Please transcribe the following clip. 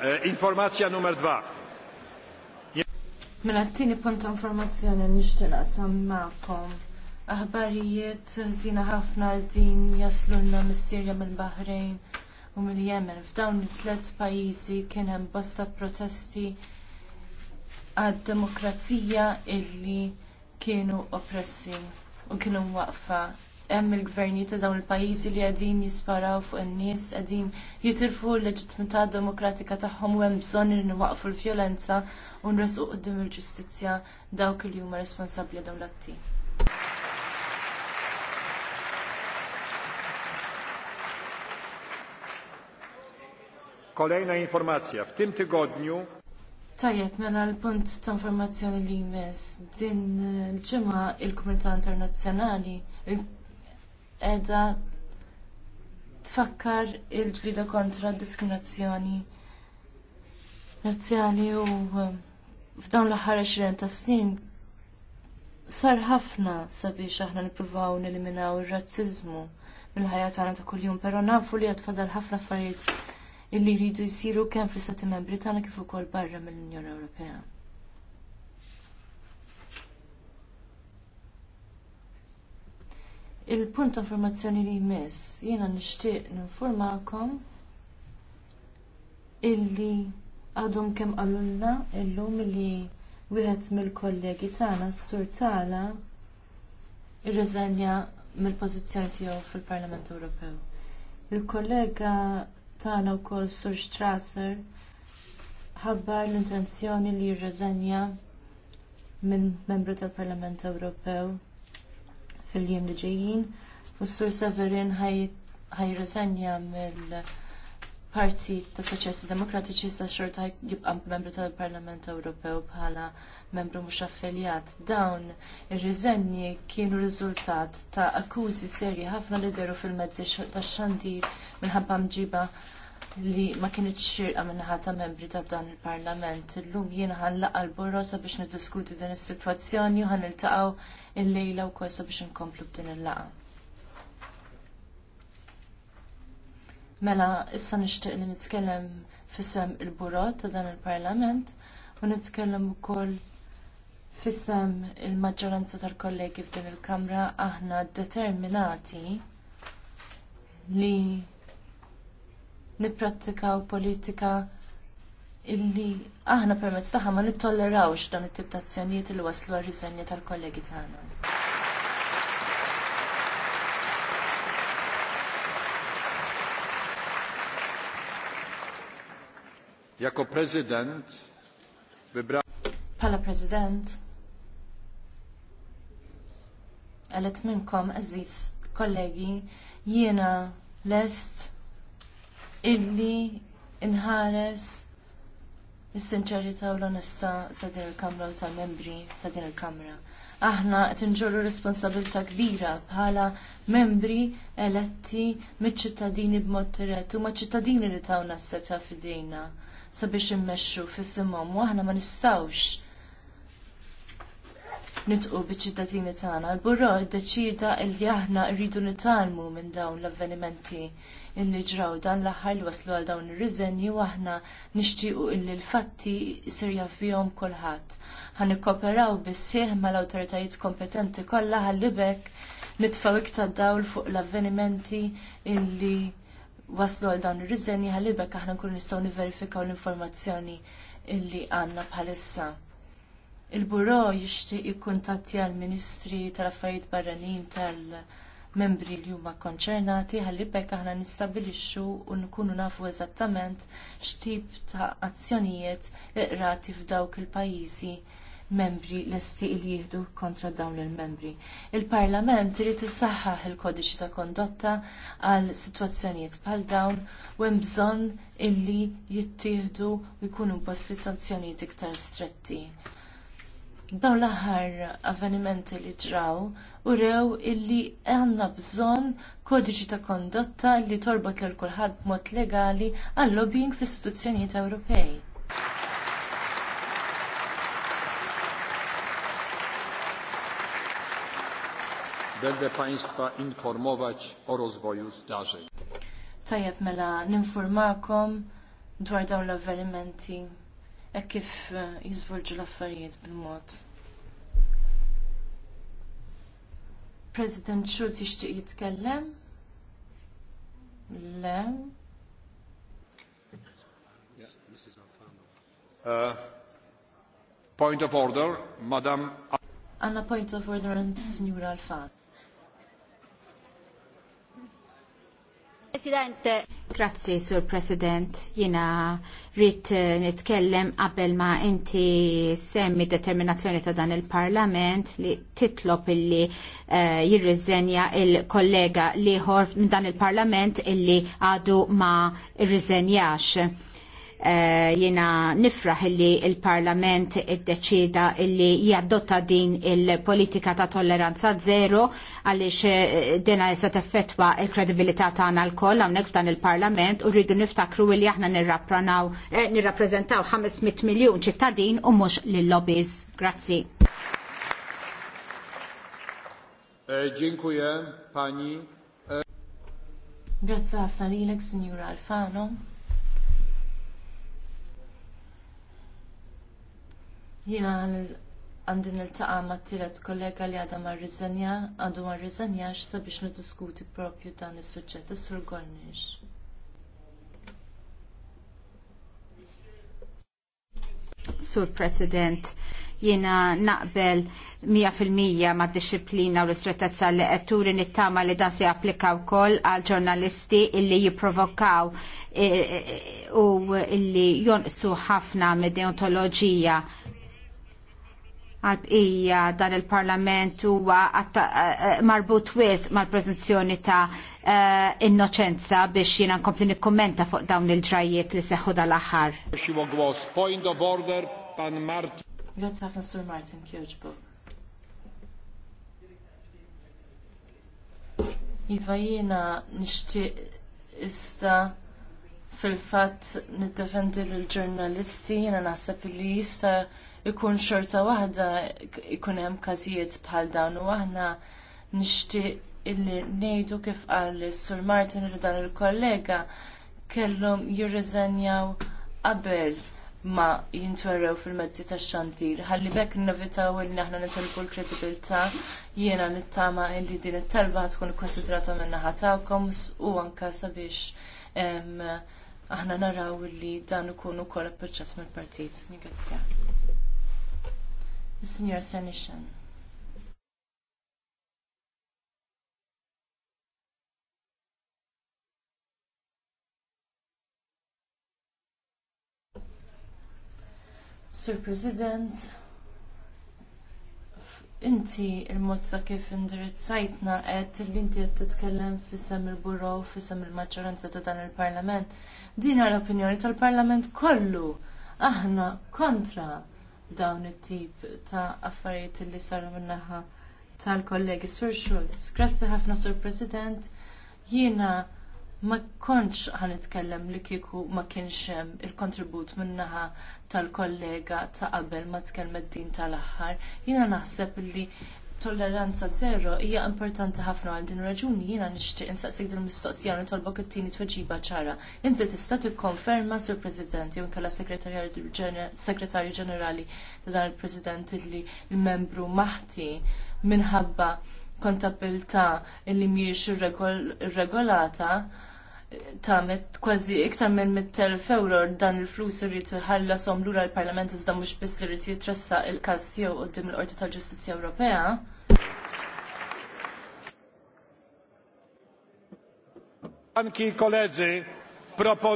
Eh, informazzja nummer 2. Mela t-tini punt informazzjoni nishtiq naqsam ma'kom. Aħbarijiet żina ħafna din jaslulna mis-Sirja mill-Baħrejn u mill-Jemen. F'dawn it-tliet pajjiżi kien hemm bosta protesti għad-demokrazija illi kienu oppressi u kienu waqfa hemm il-gvernijiet ta' dawn il-pajjiżi li qegħdin jisparaw fuq in-nies, qegħdin jitilfu l-leġittimità demokratika tagħhom u hemm bżonn li nwaqfu l-vjolenza u nresqu quddiem il-ġustizzja dawk li huma responsabbli dawn l-atti. Kolejna informazzja. W tym tygodniu Tajjeb, mela l-punt ta' informazzjoni li jmiss din l ġimma il-Kumunità Internazzjonali, edha tfakkar il-ġlida kontra d diskriminazzjoni razzjali u uh, f'dawn l-aħħar 20 ta' snin sar ħafna sabiex aħna nippruvaw neliminaw ir-razziżmu mill-ħajja tagħna ta' kuljum, però nafu li qed ħafna affarijiet illi jridu jsiru kemm fl-istati membri tagħna kif ukoll barra mill-Unjoni Ewropea. Il-punt ta' informazzjoni li jmiss, jiena nixtieq ninformakom illi għadhom kemm għalulna illum li wieħed mill-kollegi tagħna s-sur tagħna irreżenja mill-pożizzjoni tiegħu fil-Parlament Ewropew. Il-kollega tagħna wkoll sur Strasser ħabbar l-intenzjoni li jirreżenja minn membru tal-Parlament Ewropew fil-jiem li ġejjin. Sur Severin ħajreżenja mill-Partit ta' soċjesti Demokratiċi sa' xorta jibqa' membru tal-Parlament Ewropew bħala membru mhux affiljat. Dawn ir-riżenji kienu riżultat ta' akkużi serji ħafna li deru fil-mezzi tax-xandir minħabba mġiba li ma kienet xirqa minnaħa ta' membri ta' dan il-parlament. Illum jien ħalla għal-borrosa biex niddiskuti din is-sitwazzjoni u ħaniltaqgħu il-lejla wkoll sabiex inkomplu b'din il-laqgħa. Mela, issa nixtieq li nitkellem fissem il-burot ta' dan il-parlament u nitkellem ukoll Fissem il-maġġoranza tal-kollegi f'din il-Kamra aħna determinati li nipprattikaw politika illi aħna permezz taħħa ma nittollerawx dan it-tip ta' azzjonijiet li waslu għar riżenja tal-kollegi tagħna. Jako president vibra... Pala President. għalet minnkom, aziz kollegi, jiena lest illi inħares is-sinċerità u l onesta ta' din il-Kamra u ta' membri ta' din il-Kamra. Aħna qed inġorru responsabilità kbira bħala membri eletti miċ-ċittadini b'mod dirett u maċ-ċittadini li tawna s-seta f'idejna sabiex immexxu fis-simhom u aħna ma nistgħux nitqu biċ-ċittadini tagħna. Il-burro ddeċida li aħna rridu nitalmu minn dawn l-avvenimenti il-nġraw dan l-aħħar li waslu għal dawn ir-riżenju aħna nixtiequ illi l-fatti jsir jaffihom kulħadd. Ħan nikkoperaw bissieħ mal-awtoritajiet kompetenti kollha ħallibek nitfaw iktar dawl fuq l-avvenimenti illi waslu għal dawn ir-riżenji ħallibek aħna nkunu nistgħu niverifikaw l-informazzjoni illi għandna bħalissa. Il-buro jixtieq jikkuntattja l-Ministri tal-Affarijiet Barranin tal-, -affarijiet barranin tal membri li huma konċernati ħalli bekk aħna nistabilixxu u nkunu nafu eżattament x'tip ta' azzjonijiet iqrati f'dawk il-pajjiżi membri lesti li jieħdu kontra dawn il-membri. Il-Parlament irid isaħħaħ il-kodiċi ta' kondotta għal sitwazzjonijiet bħal dawn u hemm bżonn illi jittieħdu u jkunu imposti sanzjonijiet iktar stretti. Dawn l-aħħar avvenimenti li ġraw u rew illi għandna bżonn kodiċi ta' kondotta li torbot lil kulħadd b'mod legali għal lobbying fl-istituzzjonijiet Ewropej. Będę Państwa informować o rozwoju zdarzeń. Tajjeb mela ninformakom dwar dawn l-avvenimenti e kif eh, jizvolġu l-affarijiet bil-mod. President Schulz jixtieq jitkellem? Le. Uh, point of order, Madam. Anna point of order and Signora Alfano. President. Grazzi, Sur President. Jina rrit eh, nitkellem qabel ma inti semmi determinazzjoni ta' dan il-Parlament li titlop illi uh, jirriżenja il-kollega liħor minn dan il-Parlament illi għadu ma irriżenjax Jiena eh, jena nifraħ illi il-Parlament id-deċida illi jaddotta din il-politika ta' tolleranza zero għalix eh, dena jessa teffetwa il-kredibilità ta' għana l-koll għamnek f'dan il-Parlament u rridu niftakru illi aħna nirrappranaw eh, nirrapprezentaw 500 miljon ċittadin u mux l-lobbies. Grazzi. dziękuję pani. Grazie ħafna lilek, signora Alfano. Jina għandi il taqa ma t-tiret kollega li għadha ma rriżenja, għadu ma rriżenja sabiex nidiskuti propju dan is-suġġett, s sur Gornix. Sur President, jiena naqbel 100% ma' disciplina u l-istretezza li għetturi nittama li dan se japplika u koll għal ġurnalisti illi jiprovokaw eh, eh, u illi jonqsu ħafna me deontologija għal-bqija dan il-parlament huwa eh, eh, marbut wis mal-prezenzjoni ta' eh, innoċenza biex jiena nkompli nikkommenta fuq dawn il-ġrajiet li seħħu dal-aħħar. Point of order, pan Martin. Grazie Martin Iva jiena nixtieq ista fil fat niddefendi l-ġurnalisti jiena naħseb li jista' ikun xorta waħda ikun hemm każijiet bħal dawn u aħna nixtieq illi ngħidu kif qal is-Sur Martin li dan il-kollega kellhom jirriżenjaw qabel ma jintwerrew fil-mezzi tax-xandir. Ħalli bekk innovitaw li aħna nitolbu l-kredibilità jiena nittama illi din it-talba tkun ikkonsidrata min-naħa tagħkom u anke sabiex aħna naraw li dan ikun ukoll appoġġjat mill-partit. Ningrazzjak. Signor Senishan. Sir President, inti il-mozza kif indirizzajtna għed l inti qed titkellem tkellem sem il burro fis il-maġġoranza ta' dan il-Parlament. Din l-opinjoni tal-Parlament kollu aħna kontra dawn it-tip ta' affarijiet li saru min-naħa tal-kollegi Sur Schultz. Grazzi ħafna Sur President. Jiena ma kontx ħanitkellem li kieku ma kienx hemm il-kontribut min-naħa tal-kollega ta' qabel ma tkellmet din tal-aħħar. Jiena naħseb li tolleranza zero hija importanti ħafna għal din raġuni jiena nixtieq insaqsik din mistoqsija u nitolbok it-tieni tweġiba ċara. Inti tista' tikkonferma sur President jew inkella Segretarju Ġenerali ta' dan il-President li l-membru maħti minħabba kontabilità li mhijiex irregolata tamet kważi iktar minn 100.000 euro dan il-flus irrid ħallasom lura l-Parlament iżda mhux biss li rrid jitressa il-każ tiegħu quddiem il-Qorti tal-Ġustizzja Ewropea. Anki koledzy,